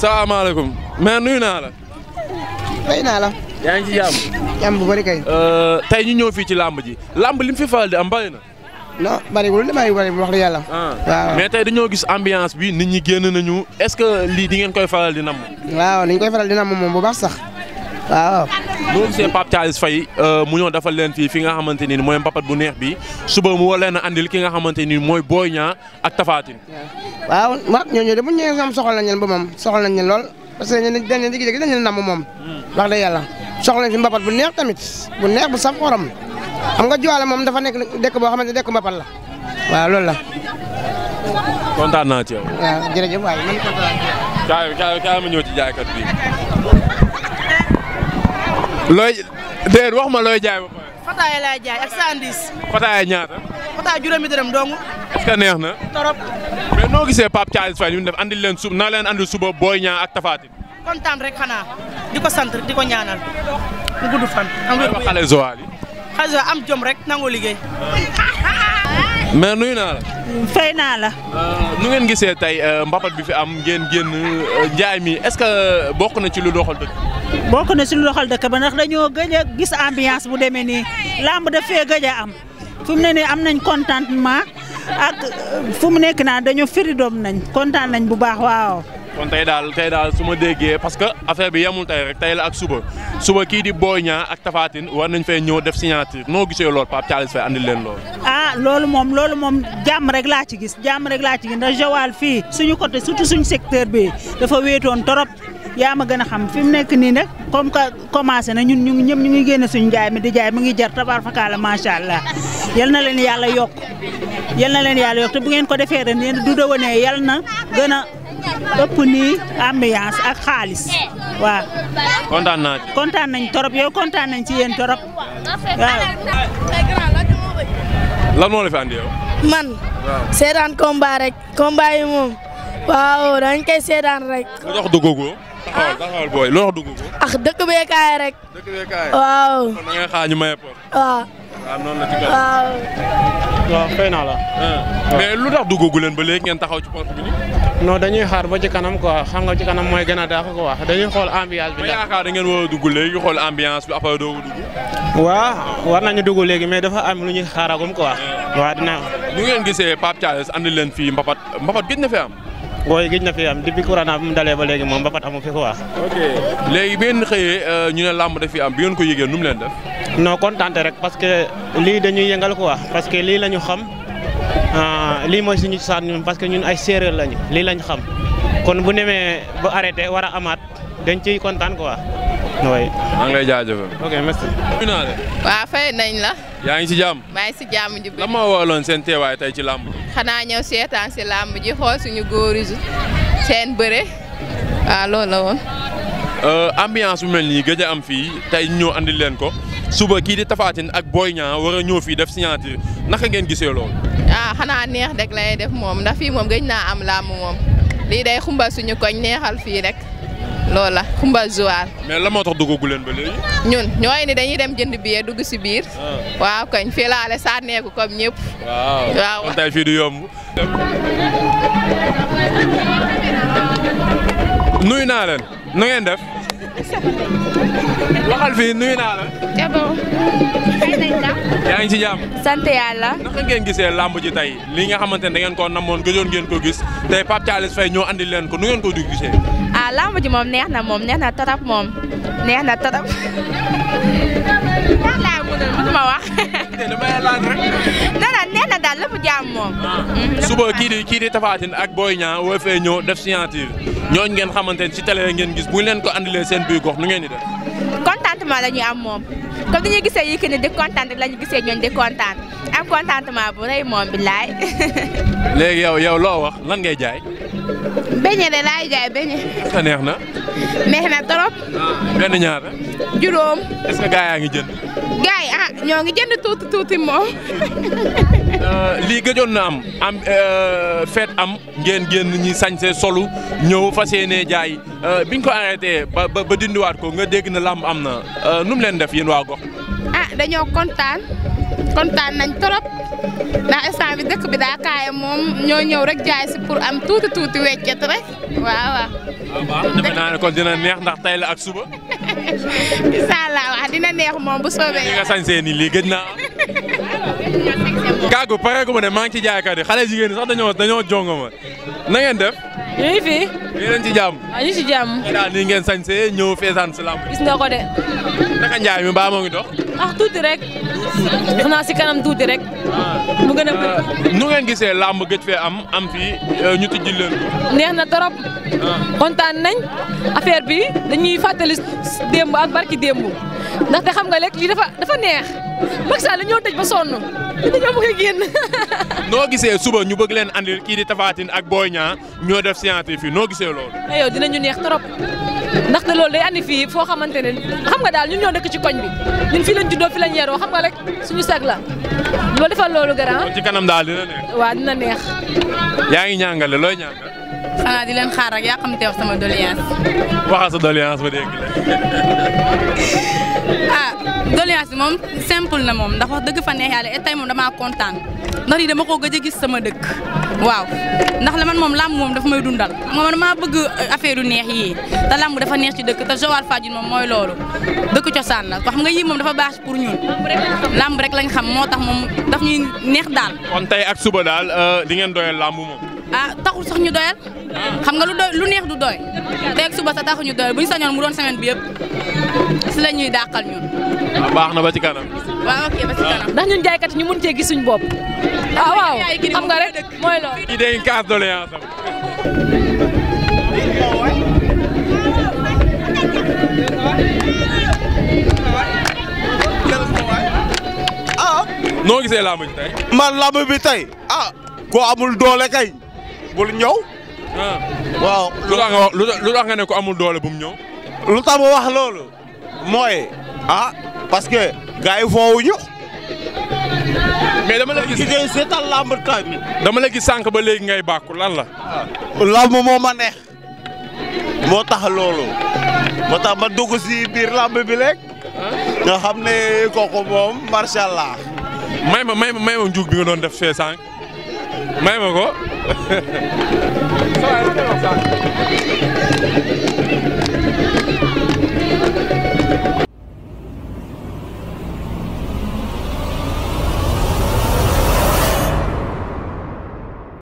salaamaaleykum mais nuyu naa la. nuyu naa la. yaa ngi ci jàmm. jàmm bu kay. Euh, tey ñu ñëw fii ci làmb ji làmb li fi faral di am bëri na. non bëriwul li may bëri wax dëgg yàlla. Ah. waaw mais tey dañoo gis ambiance bi nit ñi génn nañu est-ce que lii di ngeen koy faral di namm. waaw dañ koy faral di namm moom bu baax sax. waaw. boo gisee Pape Thialis Faye euh, mu ñëw defal leen fii fi nga xamante ni mooy mbapat bu neex bi suba mu war leen a andil ki nga xamante ni mooy booy ñaa ak Tapha Tine. waaw waaw ñooñu de bu ñu ñëwee ñoom soxla nañ ba moom soxla nañ leen lool parce que dañ leen di dañ leen namm moom. Hmm. wax dëgg yàlla soxla nañ fi mbapat bu neex tamit bu neex bu saf xorom xam nga Joal moom dafa nekk dëkk boo xamante ne dëkk mbapat la waaw loolu la. kontaan naa ci yow. waaw jërëjëf waaye man kontaan ma ñëw ci jaaykat bi looy déedéet wax ma looy jaay ba pare. Fataaya laay jaay ak 110. Fataaya ñaata. Fataaya juróomi dërëm dong. est-ce neex na. torop. mais noo gisee Pape Thialis Faye ñu def andil leen sub na leen andil suba Boy Niang ak Tapha Tine. kontaan rek xanaa di ko sant di ko ñaanal mu gudd fan. am na xale Joal yi. xale Joal am jom rek nangoo liggéey. mais nuyu naa la. fay naa la. Euh, nu ngeen gisee tey euh, mbapat bi fi am ngeen génn euh, njaay mi est-ce que bokk na ci lu doxal dëkk. bokk na ci lu doxal dëkk ba ndax dañoo gëj a gis ambiance bu demee nii làmb dafee gëj a am fu mu ne nii am nañ contentement ak fu mu nekk naa dañoo firi doom nañ kontaan nañ bu baax waaw. kon tey daal tey daal su ma déggee parce que affaire bi yemul tey rek tey la ak suba suba kii di Boy Niang ak Tapha Tine war nañ fay ñëw def signature noo gisee loolu Pape Thialis Faye andil leen loolu. ah loolu moom loolu moom jàmm rek laa ci gis jàmm rek laa ci gis ndax Joal fii suñu côté surtout suñu secteur bi dafa wéetoon torop yaa ma gën a xam fi mu nekk nii nag comme que commencé na ñun ñu ngi ñëpp ñu ngi génne suñu njaay mi di jaay mu ngi jar tabaar fakaala macha allah yal na leen yàlla yokk yal na leen bu ngeen ko defee ren yéen du dëwënee a ëpp nii ambiance ak xaalis waaw. kontaan naa ci kontaan nañ torop yow kontaan nañ ci yéen torop waaw. lan moo fi andi man seetaan combat rek combat yi moom waaw dañ koy seetaan rek. lu tax duggagoo. taxawal taxawal booy lu tax duggagoo. ah dëkk bee kaay rek. dëkk waaw. kon ñu maye port. waaw. waaw noonu la lu tax duggagu leen ba léegi ngeen taxaw ci porte bi nii. no dañuy xaar ba ci kanam quoi xam nga ci mooy gën a daax ko wax dañuy xool ambiance bi. ma yaakaar da ngeen war léegi nañu dugg léegi mais dafa am lu ñuy xaaragum quoi. Eh. waaw dina ñu ngeen gisee Pape Thialis andi leen fii Mbapat Mbapat gëj na fi am. booy gëj na fi am depuis corona bi mu dalee ba léegi moom Mbapat amu fi ko ok léegi bi ngeen xëyee euh, ñu ne làmb daf fi am bi ngeen ko yëgee nu leen def. no kontaan rek parce que lii dañuy yëngal quoi parce que lii la ñu xam Ah, lii mooy suñu cosaan ñun parce que ñun ay séeréer lañu lii lañu xam kon bu demee ba arrêté war a amaat dañ ciy kontaan quoi. oui. maa ngi a jaajëfal. ok merci. waaw fay nañ la. yaa ngi si jàmm. maa ngi si jàmm ji bi. lan moo waraloon seen teewaay tey ci làmb. xanaa ñëw seetaan si làmb ji xool suñu góor yi seen bëre waaw loolu woon. Euh, ambiance bu mel nii am fii tey ñoo andil leen ko. suba kii di Tapha Tine ak Boy Niang war a ñëw fii def signature naka ngeen gisee loolu. Ah, xanaa neex rek lay def moom ndax fii moom gëj naa am làmb moom lii day xumbal suñu koñ neexal fii rek loolu la xumbal Joal. mais la moo tax duggagu leen ñun ñooy ni dañuy dem jënd billet dugg si biir. Ah. waaw koñ fii laale sànneeku comme ñëpp. waaw waaw kon tey naa leen. nu ngeen def. waxal fii nuyu naa la. Diabo. Eh yaa ngi ci jàmm. sant yàlla. naka ngeen gisee làmb ji tey lii nga xamante ne da ngeen koo namoon gëjoon ngeen koo gis tey Pape Thialis Faye ñoo andi leen ko nu ngeen ko du gisee. waaw lamb ji moom neex na moom neex na torop moom neex na torop neex laa mënul mënuma wax. nee na neex na daal lépp jaam moom. Ah. suba kii di kii ak booy ñaa woo fee ñëw def signature ñooñu ngeen xamante ne ci télé ngeen gis bu leen ko andilee seen biir gox nu ngeen di def. contentement la ñuy am moom comme ni ñuy gisee yi que ne di kontaan rek la ñu gisee ñooñu di kontaan am contentement bu rëy moom bi laay. léegi yow yow loo wax lan ngay jaay. beñe de laay jaay beñe. est na. neex na trop. benn ñaar. juróom. est-ce yaa ngi jën gaa ah ñoo ngi jënd tuuti tuuti moom. Euh, lii gëjoon na am am euh, fête am ngeen génn ñi sañse solu ñëw fa yéenee jaay euh, biñ ko arrêté ba dindiwaat ko nga dégg na làmb am na num leen def yéen waa gox. ah dañoo kontaan. kontaan nañ trop ndax instant bi dëkk bi daa kaaya moom ñoo ñëw rek jaay si pour am tuuti tuuti weccet rek waaw ah, naa ne kon dina neex ndax tey la ak suba. incha allah neex moom bu soobee. li sañsee nii lii gëj naa. kàggu pare gu ne maa ngi ci jaaykat yi xale jigéen sax dañoo dañoo jongo ma na ngeen def. ñu ngi fi. yéen ci jàmm. waaw ñu ci sañsee ñëw feesaan si lamb. de. naka njaay mi mbaa moo ngi dox. ah tuuti rek xanaa si kanam tuuti rek mu gën a ah. nu ngeen gisee làmb gëj fee am am fii euh, ñu tijji leen neex na trop ah. kontaan nañ affaire bi dañuy fàttali démb ak barki démb ndaxte xam nga lekk lii dafa dafa neex Macky Sall ñoo tëj ba sonn ñu dañoo bëgg a noo gisee suba ñu bëgg leen andil kii di Tapha Tine ak booy ñaa ñoo def scientifique fi noo gisee loolu. mais yow dinañu neex trop ndaxte loolu de andi fii foo xamante ne xam nga daal ñun ñoo dëkk ci koñ bi ñun fii lañ juddoo fii lañ yeroo xam nga rek suñu sag la loolu defal loolu garaan. ci kanam daal dina neex. yaa ngi ñaangale looy ñaangal. xanaa di leen xaar rek yaa xam te wax sama doléance. waxal sa doléance ba dégg la. ah doléance moom simple na moom ndax dëgg fa neex yàlla et tey moom damaa kontaan ndax lii dama koo gëj a gis sama dëkk. waaw ndax la man moom làmb moom dafa may dundal moom man maa bëgg euh, affaire neex yii te làmb dafa neex ci dëkk te Joal Fadiouth moom mooy loolu dëkk cosaan la ko xam nga yii moom dafa baax pour ñun làmb rek lañ xam moo tax moom daf ñuy neex daal. kon tey ak suba daal euh, di ngeen doyal làmb moom. ah taxul sax ñu doyal xam nga lu doy lu neex du doy teeg suba sa taxul ñu doyal bu ñu sañoon mu doon semaine bi yëpp si la ñuy dàqal ñun. waaw ah, na ba ci kanam. waaw ok ah. ndax ñun jaaykat ñu mën cee gis suñu bopp. ah, ah waaw xam nga rek mooy loolu. kii day casse doléance am. noo gisee làmb bi tey. man làmb bi tey ah. ko amul doole kay. bul ñëw. Ah. waaw lu tax ne ko amul doole bu mu ñëw. lu tax ma wax loolu. moy a ah, parce que. gars yi foowuñu. mais dama la gis liggéey seetal lamb dama la gis sànq ba léegi ngay bàkku lan la. Ah. lamb moo ma neex. moo tax loolu. moo tax ma dugg si biir lamb bi léeg nga xam ne kooku moom macha allah. may ma may ma may ma njuug bi nga doon def fee sànq. may ma ko. waaw.